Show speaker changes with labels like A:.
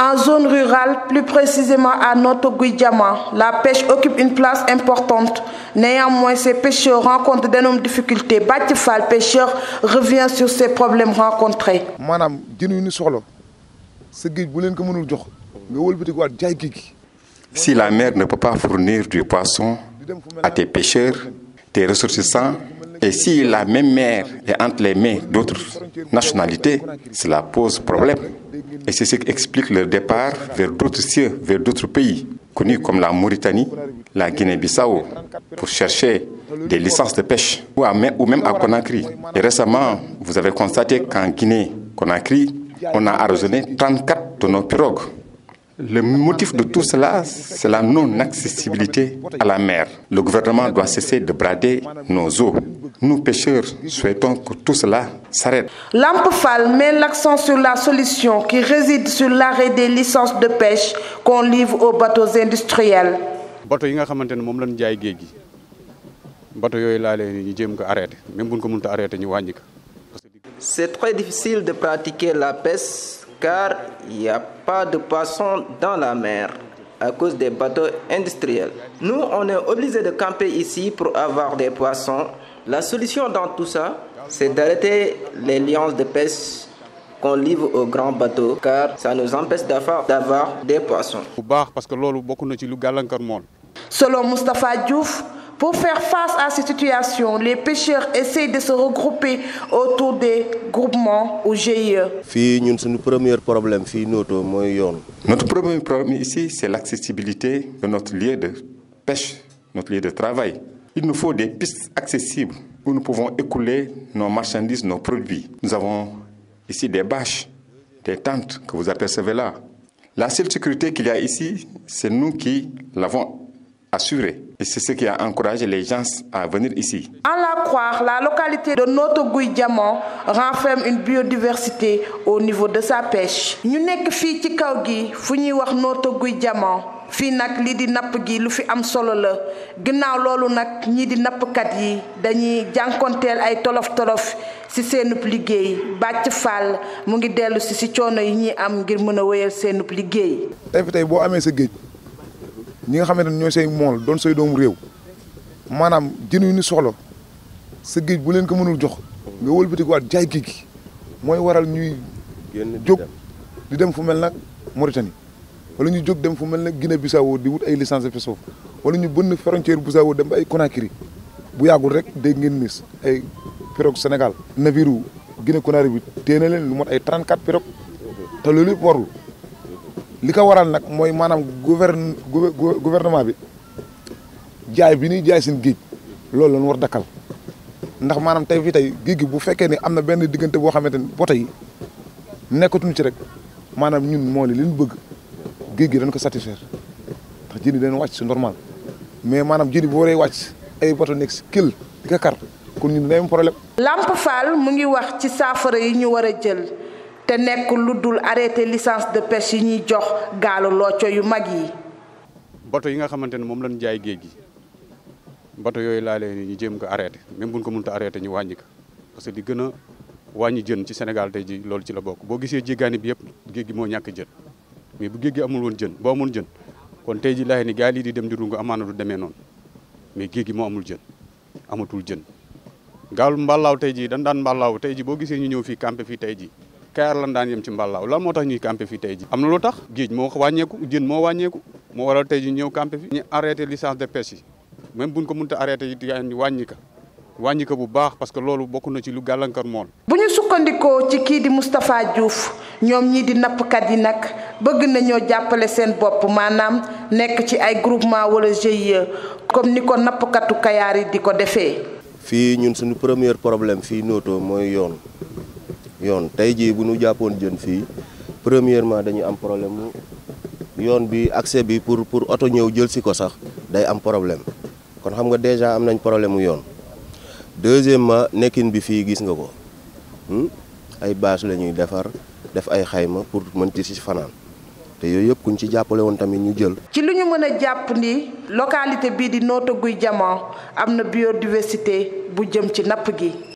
A: En zone rurale, plus précisément à Noto-Guidjama, la pêche occupe une place importante. Néanmoins, ces pêcheurs rencontrent nombreuses difficultés. Batifal, pêcheur, revient sur ces problèmes rencontrés. Madame,
B: si la mer ne peut pas fournir du poisson à tes pêcheurs, tes ressourcissants, et si la même mer est entre les mains d'autres nationalités, cela pose problème. Et c'est ce qui explique leur départ vers d'autres cieux, vers d'autres pays, connus comme la Mauritanie, la Guinée-Bissau, pour chercher des licences de pêche, ou, même à Conakry. Et récemment, vous avez constaté qu'en Guinée-Conakry, on a arrosé 34 de pirogues le motif de tout cela, c'est la non-accessibilité à la mer. Le gouvernement doit cesser de brader nos eaux. Nous, pêcheurs, souhaitons que tout cela s'arrête.
A: L'AMPFAL met l'accent sur la solution qui réside sur l'arrêt des licences de pêche qu'on livre aux bateaux industriels. C'est très difficile de pratiquer la pêche car il n'y a pas de poissons dans la mer à cause des bateaux industriels. Nous, on est obligés de camper ici pour avoir des poissons. La solution dans tout ça, c'est d'arrêter les
C: liances de pêche qu'on livre aux grands bateaux car ça nous empêche d'avoir des poissons.
A: Selon Mustapha Diouf, pour faire face à cette situation, les pêcheurs essayent de se regrouper autour des groupements au GIE. E.
B: Notre premier problème ici, c'est l'accessibilité de notre lieu de pêche, notre lieu de travail. Il nous faut des pistes accessibles où nous pouvons écouler nos marchandises, nos produits. Nous avons ici des bâches, des tentes que vous apercevez là. La seule sécurité qu'il y a ici, c'est nous qui l'avons assurée. Et c'est ce qui a encouragé les gens à venir ici.
A: À la croire, la localité de Notogui Diamant renferme une biodiversité au niveau de sa pêche. ñu nekk fi ci kaw gi fu ñuy wax Notogui Diamant Fi nak li di nap gi lu fi am solo la ginnaaw lolu nak ñi di kat yi dañuy jankontel ay tolof tolof ci seenub liggéey Bacc faal mu ngi dellu ci ci coono yi ñi am ngir mëna a wéyal seenub liggéey.
D: Tay fi tey sa géej. ñi nga xamante ne ñooy say mool doon say doomu réew maanaam jën yu ni soxla sa bu leen ko mënul jox nga wëlbatikuwaat jaay géej gi mooy waral ñuy jóg di dem fu mel nag Mauritanie wala ñu jóg dem fu mel nag Guinée Bissau di wut ay licence de pêche wala ñu bënn bu Bissau dem ba ay Conakry bu yàggul rek dégg ngeen nis ay pirogue Sénégal navire Guinée Conakry bi téye na leen lu mot ay 34 pirogue te loolu yëpp warul li ko waral nag mooy maanaam gouverne gouvernement bi jaay bi ñuy jaay seen géej loolu la ñu war dakkal ndax maanaam tey fi tey géej gi bu fekkee ni am na benn diggante boo xamante ni bote yi nekkatuñu ci rek maanaam ñun moo li ñu bëgg géej gi dañ ko satisfaire ndax jën yi dañu wàcc si normal mais maanaam jën yi bu waree wàcc ay boto nekk si kël di ko kar kon ñun day am problème.
A: Lamp Fall mu ngi wax ci saafara yi ñu war a jël. te nekk lu dul arrêté licence de pêche yi ñuy jox gaalu looco yu mag yi.
C: bato yi nga xamante ne moom lañ jaay géej gi bato yooyu laa leen ñu jéem ko arrêté bu buñ ko mënut a arrêté ñu wàññi ko parce que li gën a wàññi jën ci Sénégal tey ji loolu ci la bokk boo gisee jéggaani bi yëpp géej gi moo ñàkk jën mais bu géej amul woon jën boo amul jën kon tey ji laa ni gaal yi di dem di rungu amaana du demee noonu mais géej gi moo amul jën amatul jën gaalu mbàllaaw tey ji dañ daan mbàllaaw tey ji boo gisee ñu ñëw fii campé tey ji Kayar lan daan yem ci Mballaaw lan moo tax ñuy campé fii tey ji am na lu tax géej moo wàññeeku jën moo wàññeeku moo waral tey ji ñëw campé fi ñu arrêté licence de pêche yi même buñ ko mënta arrêté it yaa ngi wàññi ko wàññi ko bu baax parce que loolu bokk na ci lu gàllankoor mool.
A: bu ñu sukkandikoo ci kii di Moustapha Diouf ñoom ñii di nappkat yi nag bëgg nañoo jàppale seen bopp maanaam nekk ci ay groupement wala GIE comme ni ko nappkatu Kayaar yi di ko defee.
B: fii ñun suñu première problème fi nootoo mooy yoon. yoon tey jii bu ñu jàppoon jën fii premièrement dañuy am problème yoon bi accès bi pour pour oto ñëw jël si ko sax day am problème kon xam nga déjà am nañ problème mu yoon deuxièmement nekkin bi fii gis nga ko hmm? ay bâche la ñuy defar def ay xayma pour mën ci si fanaan te yooyu yëpp kuñ ci jàppale woon tamit ñu jël.
A: ci li ñu mën a jàpp ni localité bii di Notto guy Diamant am na biodiversité bu jëm ci napp gi.